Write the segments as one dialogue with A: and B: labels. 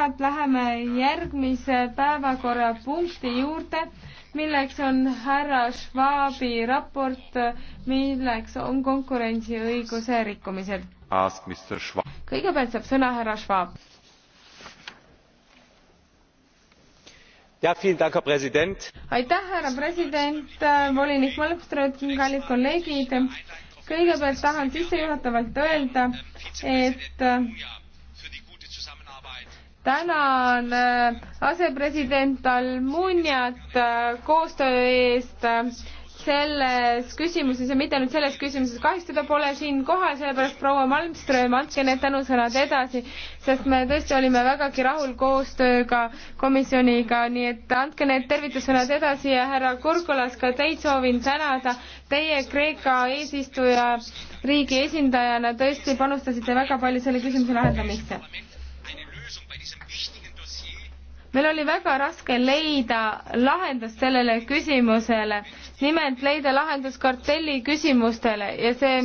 A: sõbrad, läheme järgmise päevakorrapunkti juurde, milleks on härra Schwabi raport, milleks on konkurentsiõiguse rikkumised. kõigepealt saab sõna härra Schwab. aitäh, härra president, volinik Malmström, kallid kolleegid. kõigepealt tahan sissejuhatavalt öelda, et tänan äh, asepresident Almuniat äh, koostöö eest äh, selles küsimuses ja mitte ainult selles küsimuses, kahjuks teda pole siin kohal, sellepärast proua Malmström, andke need tänusõnad edasi, sest me tõesti olime vägagi rahul koostööga komisjoniga, nii et andke need tervitussõnad edasi ja härra Kurkulas, ka teid soovin tänada. Teie Kreeka eesistuja riigi esindajana tõesti panustasite väga palju selle küsimuse lahendamisse meil oli väga raske leida lahendust sellele küsimusele, nimelt leida lahendus kartelli küsimustele ja see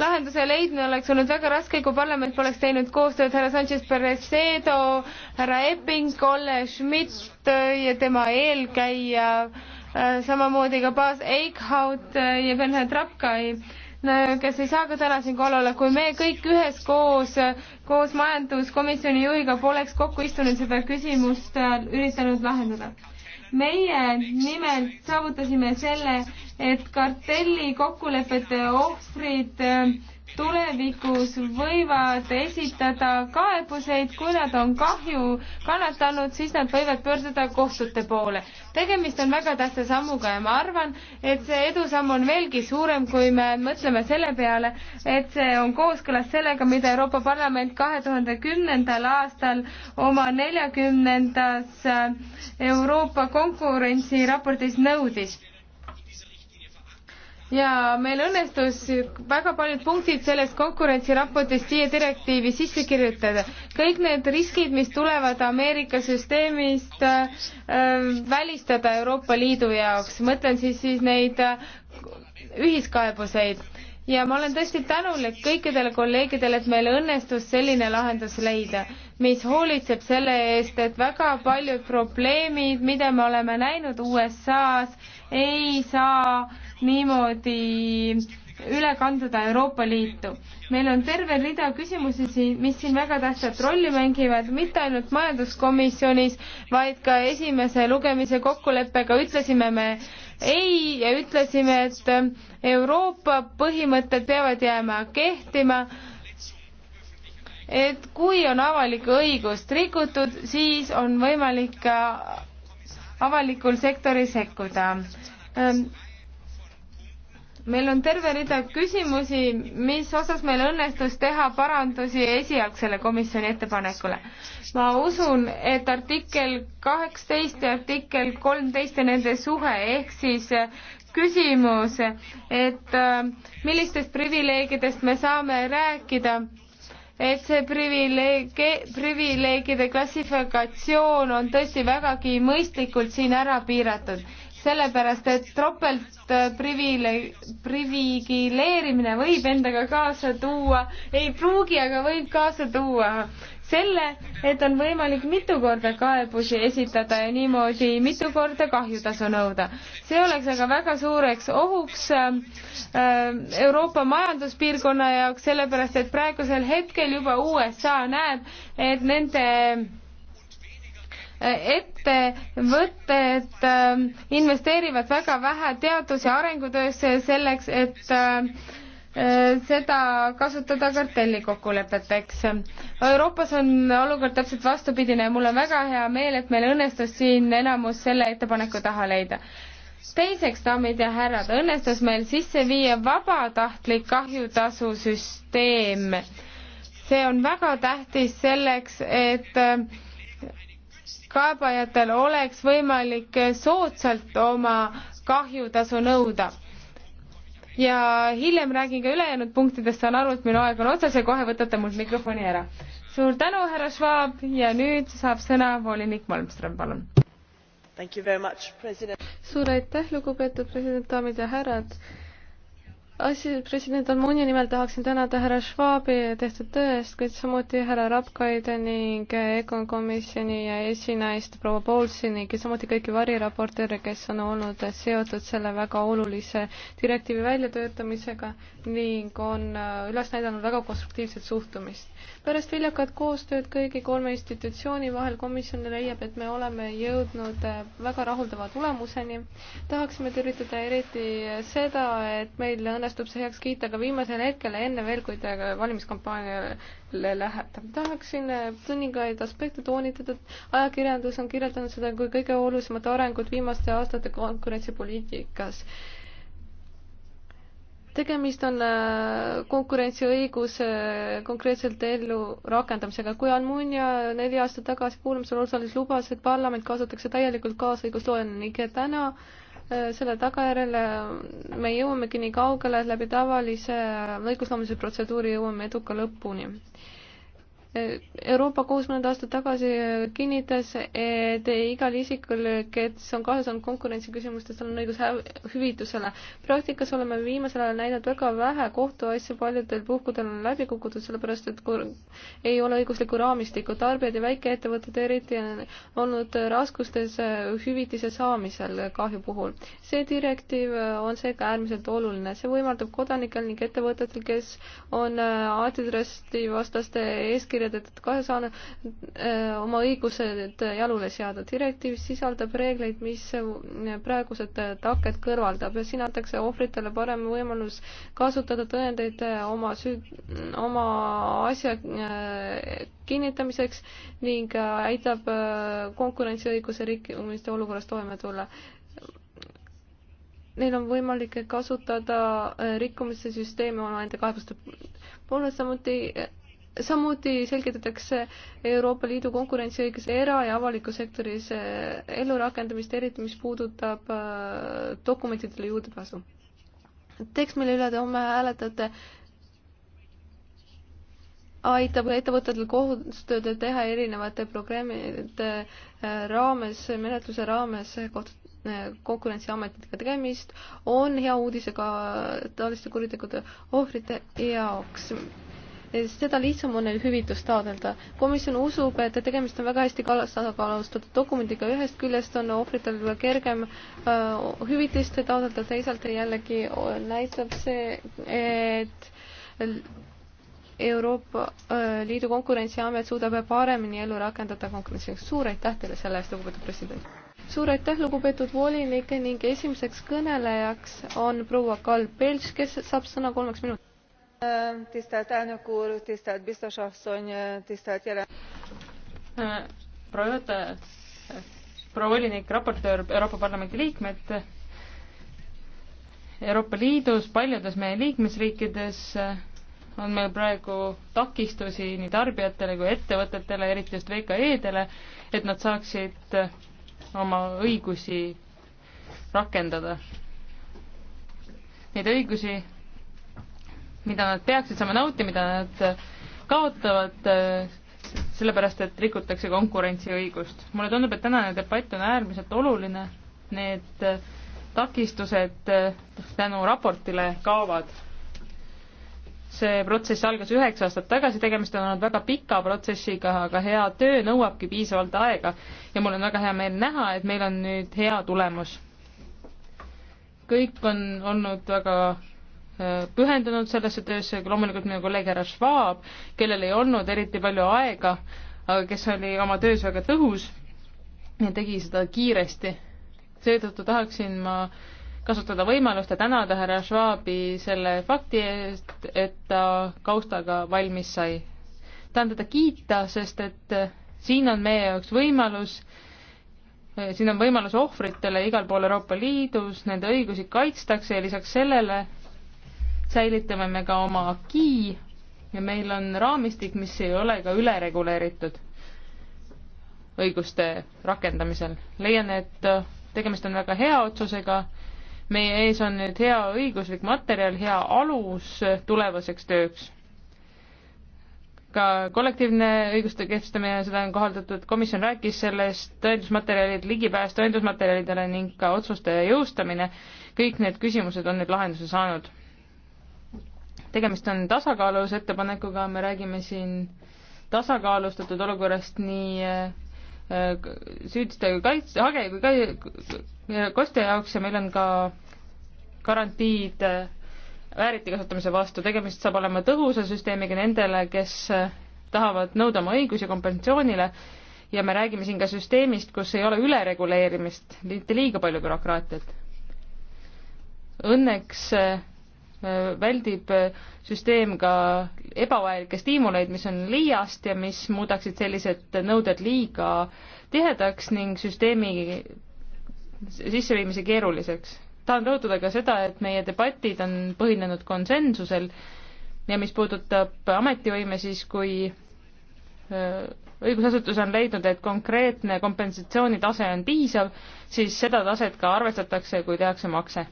A: lahenduse leidmine oleks olnud väga raske, kui parlament poleks teinud koostööd härra Sanchez Perecedo, härra Epping, Olle Schmidt ja tema eelkäija, äh, samamoodi ka baas Eichhaut äh, ja Bernhard Rapkai kes ei saa ka täna siin kohal olla, kui me kõik üheskoos, koos majanduskomisjoni juhiga poleks kokku istunud seda küsimust äh, üritanud lahendada. meie nimelt saavutasime selle, et kartelli kokkulepete ohvrid tulevikus võivad esitada kaebuseid, kui nad on kahju kannatanud, siis nad võivad pöörduda kohtute poole. tegemist on väga tähtsa sammuga ja ma arvan, et see edusamm on veelgi suurem, kui me mõtleme selle peale, et see on kooskõlas sellega, mida Euroopa Parlament kahe tuhande kümnendal aastal oma neljakümnendas äh, Euroopa konkurentsiraportis nõudis ja meil õnnestus väga paljud punktid sellest konkurentsiraportist siia direktiivi sisse kirjutada. kõik need riskid, mis tulevad Ameerika süsteemist äh, välistada Euroopa Liidu jaoks, mõtlen siis, siis neid äh, ühiskaebuseid ja ma olen tõesti tänulik kõikidele kolleegidele, et meil õnnestus selline lahendus leida, mis hoolitseb selle eest, et väga paljud probleemid, mida me oleme näinud USA-s, ei saa niimoodi üle kanduda Euroopa Liitu. meil on terve rida küsimusi siin, mis siin väga tähtsat rolli mängivad, mitte ainult majanduskomisjonis, vaid ka esimese lugemise kokkuleppega ütlesime me ei ja ütlesime, et äh, Euroopa põhimõtted peavad jääma kehtima et kui on avalikku õigust rikutud, siis on võimalik ka avalikul sektoril sekkuda ähm, meil on terve rida küsimusi, mis osas meil õnnestus teha parandusi esialgsele komisjoni ettepanekule. ma usun, et artikkel kaheksateist ja artikkel kolmteist ja nende suhe ehk siis küsimus, et äh, millistest privileegidest me saame rääkida, et see privileeg, privileegide klassifikatsioon on tõesti vägagi mõistlikult siin ära piiratud sellepärast et topelt äh, privile-, privileerimine võib endaga kaasa tuua, ei pruugi, aga võib kaasa tuua selle, et on võimalik mitu korda kaebusi esitada ja niimoodi mitu korda kahjutasu nõuda. see oleks aga väga suureks ohuks äh, Euroopa majanduspiirkonna jaoks, sellepärast et praegusel hetkel juba USA näeb, et nende ettevõtted ähm, investeerivad väga vähe teadus- ja arengutöösse selleks, et ähm, äh, seda kasutada kartellikokkulepeteks. Euroopas on olukord täpselt vastupidine ja mul on väga hea meel, et meil õnnestus siin enamus selle ettepaneku taha leida teiseks, daamid ja härrad, õnnestus meil sisse viia vabatahtlik kahjutasu süsteem. see on väga tähtis selleks, et äh, kaebajatel oleks võimalik soodsalt oma kahjutasu nõuda. ja hiljem räägin ka ülejäänud punktidest, saan aru, et minu aeg on otsas ja kohe võtate mult mikrofoni ära. suur tänu, härra Schwab ja nüüd saab sõna volinik Malmström, palun.
B: Much, suur aitäh, lugupeetud president, daamid ja härrad asi, president Almuni nimel tahaksin tänada härra Schwabi tehtud töö eest, kuid samuti härra Rapkaid ning EKOn komisjoni esinaist proua Paulsi ning samuti kõiki variraportööre, kes on olnud seotud selle väga olulise direktiivi väljatöötamisega ning on äh, üles näidanud väga konstruktiivset suhtumist. pärast viljakat koostööd kõigi kolme institutsiooni vahel komisjon leiab, et me oleme jõudnud äh, väga rahuldava tulemuseni. tahaksime tervitada eriti seda, et meil õnneb õnnestub see heaks kiita, aga viimasel hetkel, enne veel, kui ta valimiskampaaniale läheb, tahaksin äh, mõningaid aspekte toonitada, et ajakirjandus on kirjeldanud seda kui kõige olulisemat arengut viimaste aastate konkurentsipoliitikas tegemist on äh, konkurentsiõiguse äh, konkreetselt ellu rakendamisega. kui Almunia neli aastat tagasi kuulamisel osales, lubas, et parlament kaasatakse täielikult kaasõigusloojana ning täna äh, Äh, selle tagajärjel äh, me jõuamegi nii kaugele, et läbi tavalise õigusloomelise protseduuri jõuame eduka lõpuni Euroopa Kohus mõned aastad tagasi kinnitas, et igal isikul, kes on kaasa saanud konkurentsiküsimustes, tal on õigus hüvitusele. praktikas oleme viimasel ajal näinud väga vähe kohtuasju, paljudel puhkudel on läbi kukutud, sellepärast et ei ole õiguslikku raamistikku. tarbijad ja väikeettevõtted eriti on olnud raskustes hüvitise saamisel kahju puhul. see direktiiv on seega äärmiselt oluline. see võimaldab kodanikel ning ettevõtetel, kes on äh, antitrust'i vastaste eeskirjade kirjeldatud kahesaane äh, oma õigused jalule seada. direktiiv sisaldab reegleid, mis äh, praegused takked kõrvaldab ja siin antakse ohvritele parem võimalus kasutada tõendeid äh, oma süü, oma asja kinnitamiseks ning aitab konkurentsiõiguse rikkumiste olukorras toime tulla neil on võimalik kasutada rikkumiste süsteemi omaenda kaebuste poole, samuti samuti selgitatakse Euroopa Liidu konkurentsiõiguse era- ja avaliku sektoris eh, ellurakendamist, eriti mis puudutab eh, dokumentidele juurdepääsu. tekst, mille üle te homme hääletate, aitab ettevõtetel koostööd teha erinevate programmide eh, raames, menetluse raames koht-, konkurentsiametitega tegemist, on hea uudis ka taoliste kuritegude ohvrite jaoks seda lihtsam on neil hüvitust taotleda. komisjon usub, et tegemist on väga hästi tasakaalustatud dokumendiga, ühest küljest on ohvritel kergem äh, hüvitist taotleda, teisalt jällegi näitab see, et Euroopa äh, Liidu Konkurentsiamet suudab paremini ellu rakendada konkurentsi. suur aitäh teile selle eest, lugupeetud president! suur aitäh, lugupeetud volinik ning esimeseks kõnelejaks on proua Karl Pelts, kes saab sõna kolmeks minutiks
A: tisztelt elnök úr tisztelt biztos asszony tisztelt jelentéstevő!
C: proua volinik raportöör euroopa parlamendi liikmed euroopa liidus paljudes meie liikmesriikides on meil praegu takistusi nii tarbijatele kui ettevõtetele eriti just VKE-dele et nad saaksid oma õigusi rakendada neid õigusi mida nad peaksid saama nautida, mida nad kaotavad, äh, sellepärast et rikutakse konkurentsiõigust. mulle tundub, et tänane debatt on äärmiselt oluline, need äh, takistused äh, tänu raportile kaovad. see protsess algas üheksa aastat tagasi, tegemist on olnud väga pika protsessiga, aga hea töö nõuabki piisavalt aega ja mul on väga hea meel näha, et meil on nüüd hea tulemus. kõik on olnud väga pühendunud sellesse töösse, loomulikult minu kolleeg härra Schwab, kellel ei olnud eriti palju aega, aga kes oli oma töös väga tõhus ja tegi seda kiiresti. seetõttu tahaksin ma kasutada võimalust ja tänada härra Schwabi selle fakti eest, et ta kaustaga valmis sai. tahan teda kiita, sest et siin on meie jaoks võimalus siin on võimalus ohvritele igal pool Euroopa Liidus, nende õigusi kaitstakse ja lisaks sellele säilitame me ka oma key ja meil on raamistik, mis ei ole ka ülereguleeritud õiguste rakendamisel. leian, et äh, tegemist on väga hea otsusega. meie ees on nüüd hea õiguslik materjal, hea alus äh, tulevaseks tööks. ka kollektiivne õiguste kehtestamine, seda on kohaldatud, komisjon rääkis sellest, tõendusmaterjalid, ligipääs tõendusmaterjalidele ning ka otsuste jõustamine, kõik need küsimused on nüüd lahenduse saanud tegemist on tasakaalus ettepanekuga, me räägime siin tasakaalustatud olukorrast nii äh, süüdistaja kui kaitse, hageja kui ka kostja jaoks ja meil on ka garantiid äh, vääriti kasutamise vastu, tegemist saab olema tõhusa süsteemiga nendele, kes äh, tahavad nõuda oma õigusi kompensatsioonile ja me räägime siin ka süsteemist, kus ei ole ülereguleerimist, mitte liiga palju bürokraatiat. Õnneks Äh, väldib äh, süsteem ka ebavajalikke stiimuleid, mis on liiast ja mis muudaksid sellised nõuded liiga tihedaks ning süsteemi sisseviimise keeruliseks. tahan rõhutada ka seda, et meie debatid on põhinenud konsensusel ja mis puudutab ametivõime, siis kui äh, õigusasutus on leidnud, et konkreetne kompensatsioonitase on piisav, siis seda taset ka arvestatakse, kui tehakse makse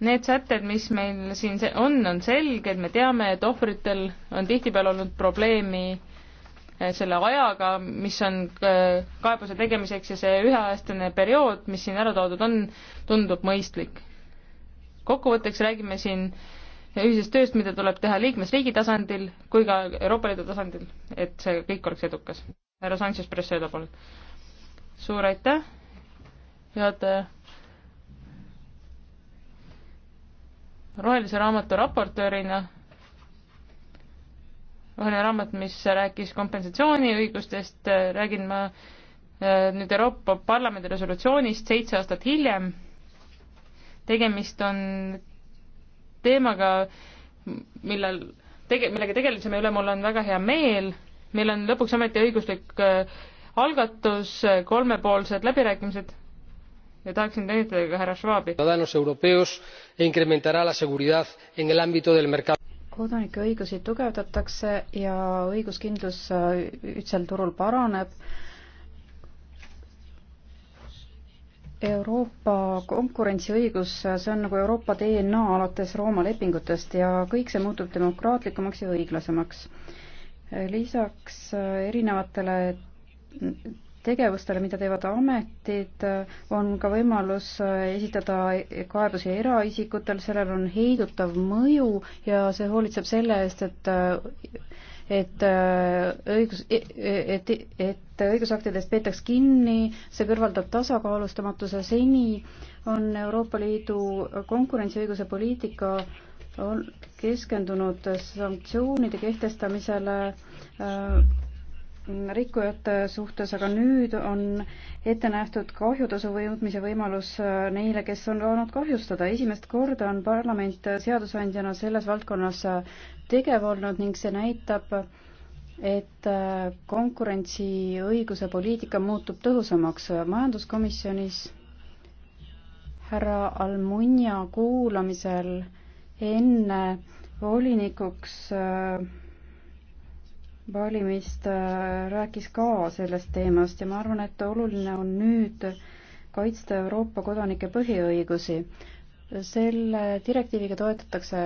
C: Need sätted, mis meil siin on, on selged, me teame, et ohvritel on tihtipeale olnud probleemi eh, selle ajaga, mis on eh, kaebuse tegemiseks ja see üheaastane periood, mis siin ära toodud on, tundub mõistlik. kokkuvõtteks räägime siin ühisest tööst, mida tuleb teha liikmesriigi tasandil kui ka Euroopa Liidu tasandil, et see kõik oleks edukas. härra Sanchez Presedo, palun. suur aitäh, juhataja rohelise raamatu raportöörina, roheline raamat, mis rääkis kompensatsiooniõigustest, räägin ma äh, nüüd Euroopa Parlamendi resolutsioonist seitse aastat hiljem. tegemist on teemaga, millel tege-, millega tegelesime üle, mul on väga hea meel, meil on lõpuks ometi õiguslik äh, algatus, äh, kolmepoolsed läbirääkimised ja tahaksin täiendada ka härra Schwabi.
D: kodanike õigusi tugevdatakse ja õiguskindlus äh, ühtsel turul paraneb Euroopa konkurentsiõigus, äh, see on nagu Euroopa DNA alates Rooma lepingutest ja kõik see muutub demokraatlikumaks ja õiglasemaks. Äh, lisaks erinevatele tegevustele, mida teevad ametid, on ka võimalus esitada kaebusi eraisikutel, sellel on heidutav mõju ja see hoolitseb selle eest, et et õigus, e-, et, et õigusaktidest peetaks kinni, see kõrvaldab tasakaalustamatuse, seni on Euroopa Liidu konkurentsiõiguse poliitika on keskendunud sanktsioonide kehtestamisele äh, rikkujate suhtes, aga nüüd on ette nähtud kahjutasu võõrmise võimalus äh, neile, kes on saanud kahjustada. esimest korda on parlament seadusandjana selles valdkonnas äh, tegev olnud ning see näitab, et äh, konkurentsiõiguse poliitika muutub tõhusamaks. majanduskomisjonis härra Almunia kuulamisel enne volinikuks äh, valimist äh, rääkis ka sellest teemast ja ma arvan, et oluline on nüüd kaitsta Euroopa kodanike põhiõigusi. selle direktiiviga toetatakse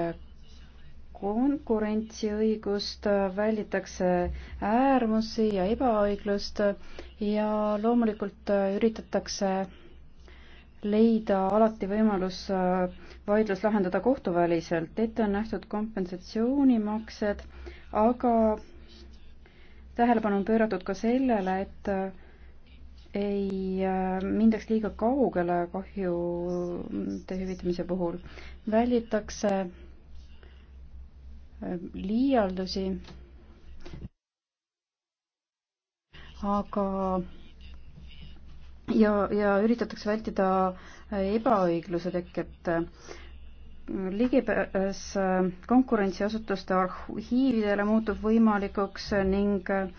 D: konkurentsiõigust, välditakse äärmusi ja ebaõiglust ja loomulikult äh, üritatakse leida alati võimalus äh, vaidlus lahendada kohtuväliselt. ette on nähtud kompensatsioonimaksed, aga tähelepanu on pööratud ka sellele, et äh, ei äh, mindaks liiga kaugele kahjude hüvitamise puhul. välditakse äh, liialdusi, aga ja, ja üritatakse vältida ebaõigluse teket ligipääs äh, konkurentsiasutuste arhiividele muutub võimalikuks ning äh,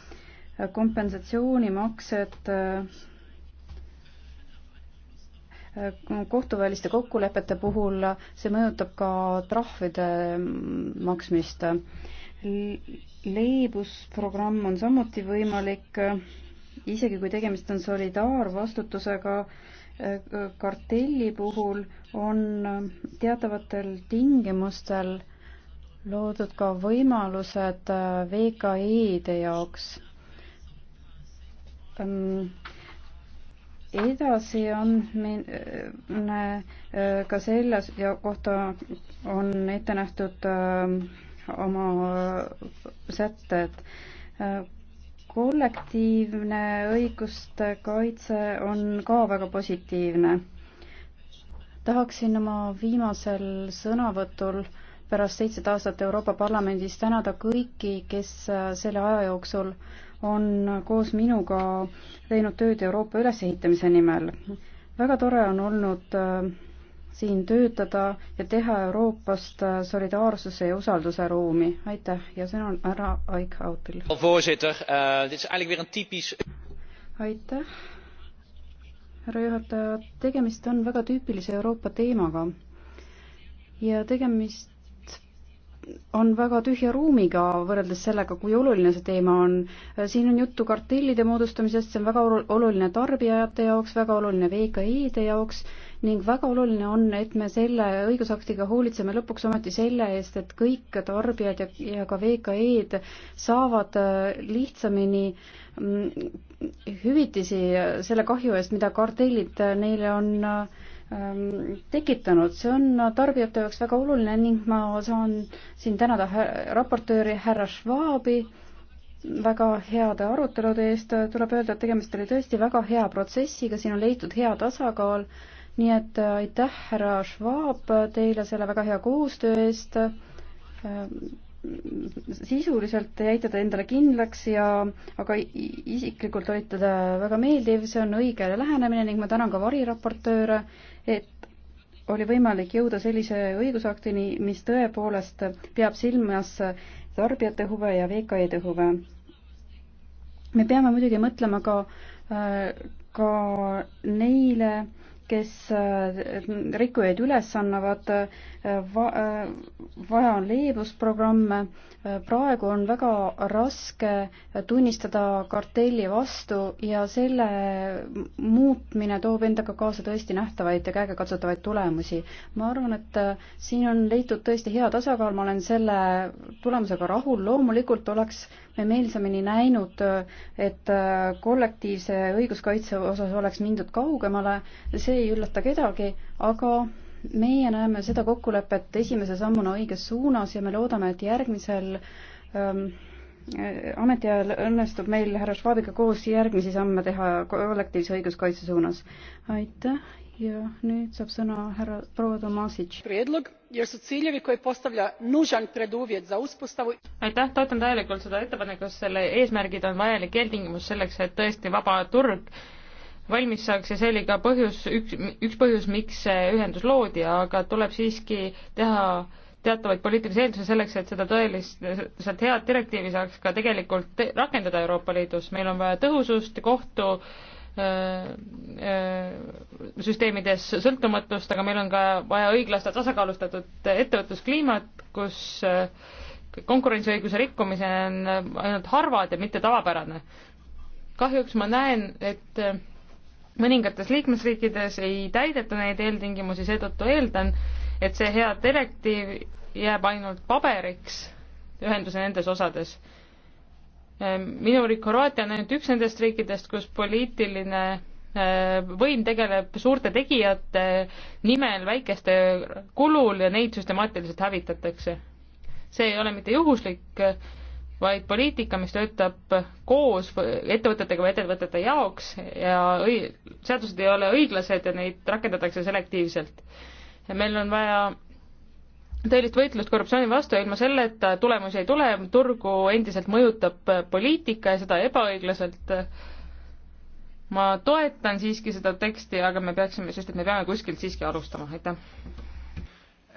D: kompensatsioonimaksed äh, kohtuväliste kokkulepete puhul, see mõjutab ka trahvide mm, maksmist. leebusprogramm on samuti võimalik, isegi kui tegemist on solidaarvastutusega, kartelli puhul on teatavatel tingimustel loodud ka võimalused äh, VKE-de jaoks. Ehm, edasi on äh, äh, ka selles kohta on ette nähtud oma sätted kollektiivne õiguste kaitse on ka väga positiivne. tahaksin oma viimasel sõnavõtul pärast seitset aastat Euroopa Parlamendis tänada kõiki, kes selle aja jooksul on koos minuga teinud tööd Euroopa ülesehitamise nimel. väga tore on olnud äh, siin töötada ja teha Euroopast solidaarsuse ja usalduse ruumi. aitäh ja sõna on härra Eichhautil. Eh, aitäh, härra juhataja, tegemist on väga tüüpilise Euroopa teemaga ja tegemist on väga tühja ruumiga võrreldes sellega, kui oluline see teema on. siin on juttu kartellide moodustamisest, see on väga oluline tarbijate jaoks, väga oluline VKI-de jaoks ning väga oluline on, et me selle õigusaktiga hoolitseme lõpuks ometi selle eest, et kõik tarbijad ja, ja ka VKE-d saavad äh, lihtsamini mm, hüvitisi selle kahju eest, mida kartellid äh, neile on äh, ähm, tekitanud, see on tarbijate jaoks väga oluline ning ma saan siin tänada raportööri härra Schwabi väga heade arutelude eest, tuleb öelda, et tegemist oli tõesti väga hea protsessiga, siin on leitud hea tasakaal äh, nii et äh, aitäh, härra Schwab, teile selle väga hea koostöö eest. Äh, sisuliselt jäite te endale kindlaks ja, aga isiklikult olite te väga meeldiv, see on õige lähenemine ning ma tänan ka variraportööre, et oli võimalik jõuda sellise õigusaktini, mis tõepoolest peab silmas tarbijate huve ja VKE-de huve. me peame muidugi mõtlema ka, äh, ka neile kes äh, rikkujaid üles annavad, äh, äh, vaja on leebusprogramme, praegu on väga raske tunnistada kartelli vastu ja selle muutmine toob endaga kaasa tõesti nähtavaid ja käegakatsutavaid tulemusi. ma arvan, et siin on leitud tõesti hea tasakaal, ma olen selle tulemusega rahul, loomulikult oleks me meelsamini näinud, et kollektiivse õiguskaitse osas oleks mindud kaugemale, see see ei üllata kedagi, aga meie näeme seda kokkulepet esimese sammuna õiges suunas ja me loodame, et järgmisel ähm, äh, ametiajal õnnestub meil härra Schwabiga koos järgmisi samme teha kollektiivse õiguskaitse suunas. aitäh ja nüüd saab sõna härra proua Tomasic.
C: aitäh, toetan täielikult seda ettepanekut, selle eesmärgid on vajalik eeltingimus selleks, et tõesti vaba turg valmis saaks ja see oli ka põhjus, üks, üks põhjus, miks see ühendus loodi, aga tuleb siiski teha teatavaid poliitilisi eeldusi selleks, et seda tõelist, sealt head direktiivi saaks ka tegelikult te rakendada Euroopa Liidus, meil on vaja tõhusust, kohtu süsteemides sõltumatust, aga meil on ka vaja õiglast ja tasakaalustatud ettevõtluskliimat, kus konkurentsiõiguse rikkumine on ainult harvad ja mitte tavapärane. kahjuks ma näen, et mõningates liikmesriikides ei täideta neid eeltingimusi, seetõttu eeldan, et see hea direktiiv jääb ainult paberiks ühenduse nendes osades. Ehm, minu riik Horvaatia on ainult üks nendest riikidest, kus poliitiline ehm, võim tegeleb suurte tegijate nimel väikeste kulul ja neid süstemaatiliselt hävitatakse. see ei ole mitte juhuslik vaid poliitika, mis töötab koos ettevõtetega või ettevõtete jaoks ja õi-, seadused ei ole õiglased ja neid rakendatakse selektiivselt. ja meil on vaja tõelist võitlust korruptsiooni vastu ja ilma selleta tulemusi ei tule, turgu endiselt mõjutab poliitika ja seda ebaõiglaselt. ma toetan siiski seda teksti, aga me peaksime, sest et me peame kuskilt siiski alustama, aitäh.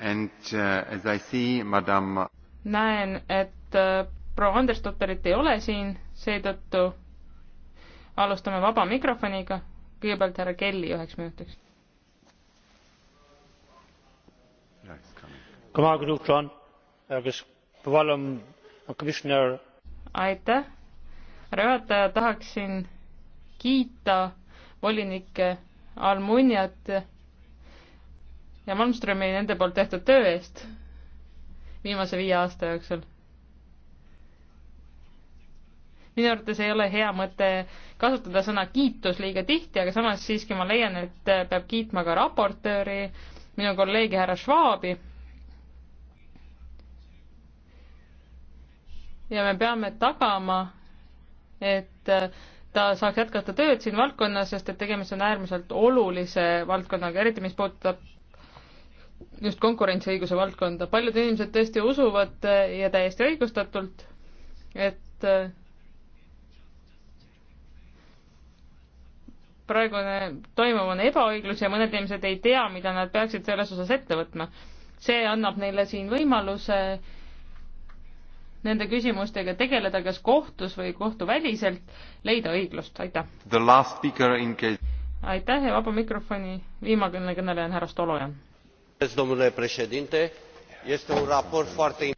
E: And uh, as I see, madam
C: näen, et proua Andersdotterit ei ole siin, seetõttu alustame vaba mikrofoniga. kõigepealt härra Kelly üheks minutiks. aitäh, härra juhataja, tahaksin kiita volinike Almuniat ja Malmströmi nende poolt tehtud töö eest viimase viie aasta jooksul minu arvates ei ole hea mõte kasutada sõna kiitus liiga tihti, aga samas siiski ma leian, et peab kiitma ka raportööri, minu kolleegi härra Schwabi. ja me peame tagama, et ta saaks jätkata tööd siin valdkonnas, sest et tegemist on äärmiselt olulise valdkonnaga, eriti mis puudutab just konkurentsiõiguse valdkonda. paljud inimesed tõesti usuvad ja täiesti õigustatult, et praegune toimuv on ebaõiglus ja mõned inimesed ei tea, mida nad peaksid selles osas ette võtma. see annab neile siin võimaluse nende küsimustega tegeleda kas kohtus või kohtuväliselt, leida õiglust, aitäh! aitäh ja vaba mikrofoni viimane
D: kõneleja on härra Stolojan.
E: domnule președinte, este un raport foarte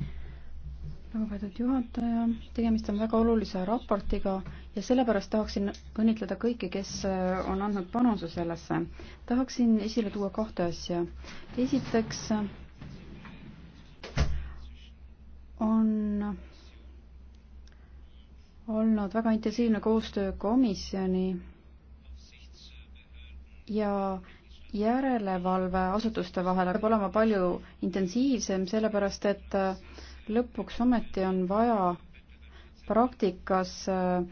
D: lugupeetud juhataja, tegemist on väga olulise raportiga ja sellepärast tahaksin õnnitleda kõiki, kes äh, on andnud panuse sellesse. tahaksin esile tuua kahte asja. esiteks on olnud väga intensiivne koostöö komisjoni ja järelevalveasutuste vahel, aga peab olema palju intensiivsem, sellepärast et äh, lõpuks ometi on vaja praktikas äh,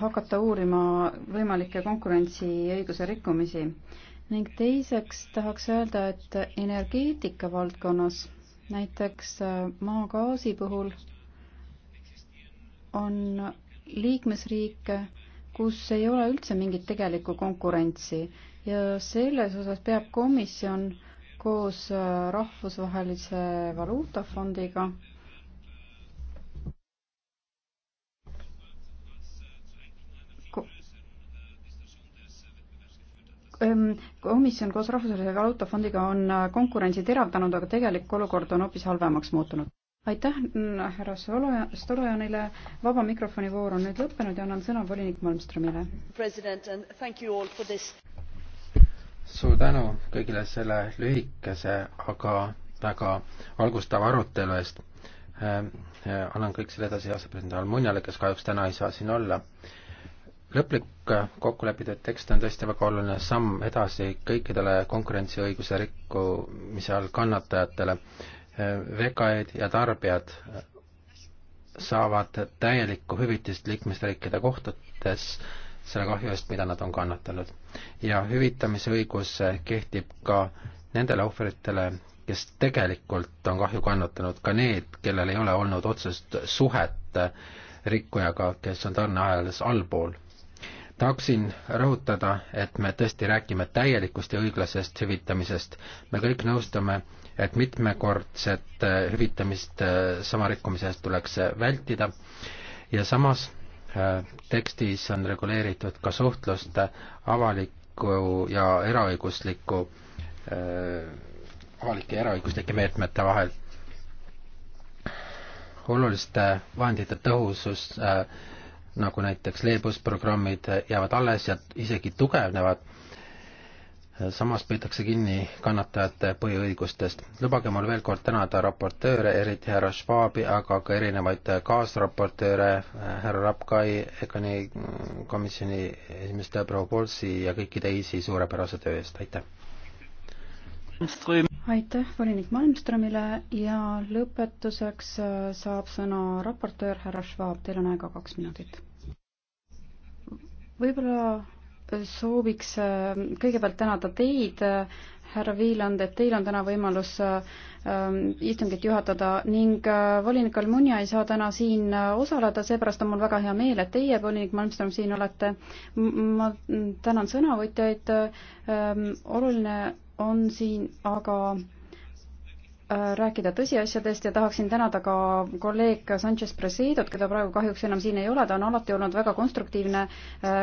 D: hakata uurima võimalikke konkurentsiõiguse rikkumisi. ning teiseks tahaks öelda, et energeetika valdkonnas, näiteks äh, maagaasi puhul, on liikmesriike, kus ei ole üldse mingit tegelikku konkurentsi ja selles osas peab komisjon koos äh, Rahvusvahelise Valuutafondiga Ehm, komisjon koos Rahvusvahelise Valuutafondiga on äh, konkurentsi teravdanud, aga tegelik olukord on hoopis halvemaks muutunud. aitäh mm, härra Stolojanile, vaba mikrofoni voor on nüüd lõppenud ja annan sõna volinik Malmströmile.
E: suur tänu kõigile selle lühikese, aga väga valgustava arutelu eest. Ehm, ehm, annan kõik selle edasi asepresidendi Almuniale, kes kahjuks täna ei saa siin olla lõplik kokkulepitud tekst on tõesti väga oluline samm edasi kõikidele konkurentsiõiguse rikkumise all kannatajatele. VKE-d ja tarbijad saavad täielikku hüvitist liikmesriikide kohtutes selle kahju eest, mida nad on kannatanud. ja hüvitamise õigus kehtib ka nendele ohvritele, kes tegelikult on kahju kannatanud, ka need, kellel ei ole olnud otsest suhet rikkujaga, kes on tarneajas allpool tahaksin rõhutada, et me tõesti räägime täielikust ja õiglasest hüvitamisest. me kõik nõustume, et mitmekordset äh, hüvitamist äh, sama rikkumise eest tuleks äh, vältida ja samas tekstis on reguleeritud ka suhtlust avaliku ja eraõigusliku, avalike ja eraõiguslike meetmete vahel. oluliste vahendite tõhusus äh, nagu näiteks leebusprogrammid, jäävad alles ja isegi tugevnevad. samas peetakse kinni kannatajate põhiõigustest. lubage mul veel kord tänada raportööre, eriti härra Schwabi, aga ka erinevaid kaasraportööre, härra Rapkai, EKANi komisjoni esimees Debra Polsi ja kõiki teisi suurepärase töö eest, aitäh!
D: aitäh volinik Malmströmile ja lõpetuseks äh, saab sõna raportöör härra Schwab, teil on aega kaks minutit. võib-olla äh, sooviks äh, kõigepealt tänada teid, härra Viiland, et teil on täna võimalus ähm, istungit juhatada ning volinik Almunia ei saa täna siin osaleda, seepärast on mul väga hea meel, et teie, volinik Malmström, siin olete. ma tänan sõnavõtjaid. Ähm, oluline on siin aga Äh, rääkida tõsiasjadest ja tahaksin tänada ka kolleeg Sanchez Presidot, keda praegu kahjuks enam siin ei ole, ta on alati olnud väga konstruktiivne äh,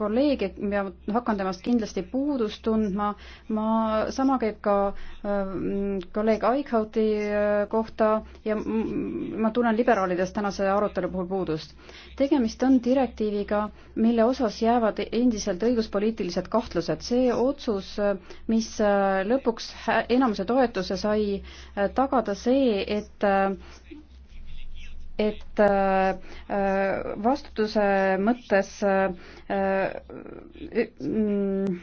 D: kolleeg ja hakkan temast kindlasti puudust tundma. ma, sama käib ka äh, kolleeg Eichhauti kohta ja ma tunnen liberaalidest tänase arutelu puhul puudust. tegemist on direktiiviga, mille osas jäävad endiselt õiguspoliitilised kahtlused. see otsus, mis lõpuks enamuse toetuse sai, kui äh, tagada see, et et äh, vastutuse mõttes äh, mm,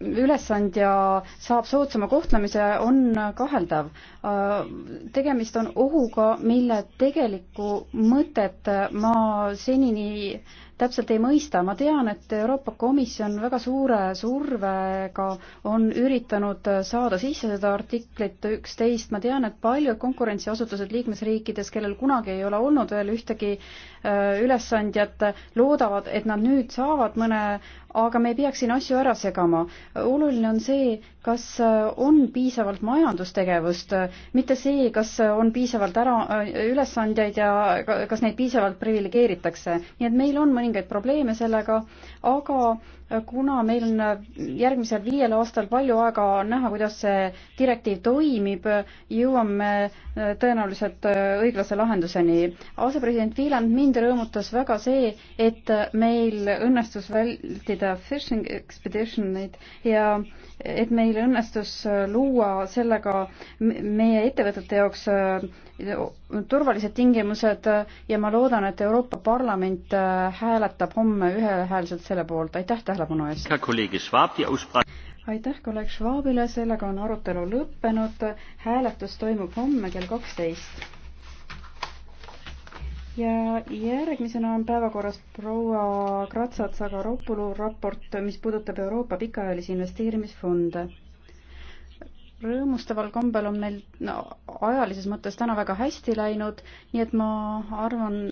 D: ülesandja saab soodsama kohtlemise, on kaheldav. tegemist on ohuga, mille tegelikku mõtet ma senini täpselt ei mõista. ma tean, et Euroopa Komisjon väga suure survega on üritanud saada sisse seda artiklit üksteist. ma tean, et paljud konkurentsiasutused liikmesriikides, kellel kunagi ei ole olnud veel ühtegi äh, ülesandjat, loodavad, et nad nüüd saavad mõne, aga me ei peaks siin asju ära segama. oluline on see, kas äh, on piisavalt majandustegevust, äh, mitte see, kas on piisavalt ära, ülesandjaid ja kas neid piisavalt priviligeeritakse. nii et meil on mõni mõningaid probleeme sellega, aga kuna meil on järgmisel viiel aastal palju aega näha, kuidas see direktiiv toimib, jõuame äh, tõenäoliselt äh, õiglase lahenduseni. asepresident Wieland mind rõõmutas väga see, et meil õnnestus vältida fishing expedition eid ja et meil õnnestus äh, luua sellega meie ettevõtete jaoks turvalised tingimused ja ma loodan, et Euroopa Parlament hääletab homme ühehäälselt selle poolt. aitäh tähelepanu eest! tähelepanu
E: eest.
D: aitäh kolleeg Schwabile, sellega on arutelu lõppenud. hääletus toimub homme kell kaksteist. ja järgmisena on päevakorras proua Kratsat-Sagaropulu raport, mis puudutab Euroopa pikaajalisi investeerimisfonde rõõmustaval kombel on meil no, ajalises mõttes täna väga hästi läinud, nii et ma arvan,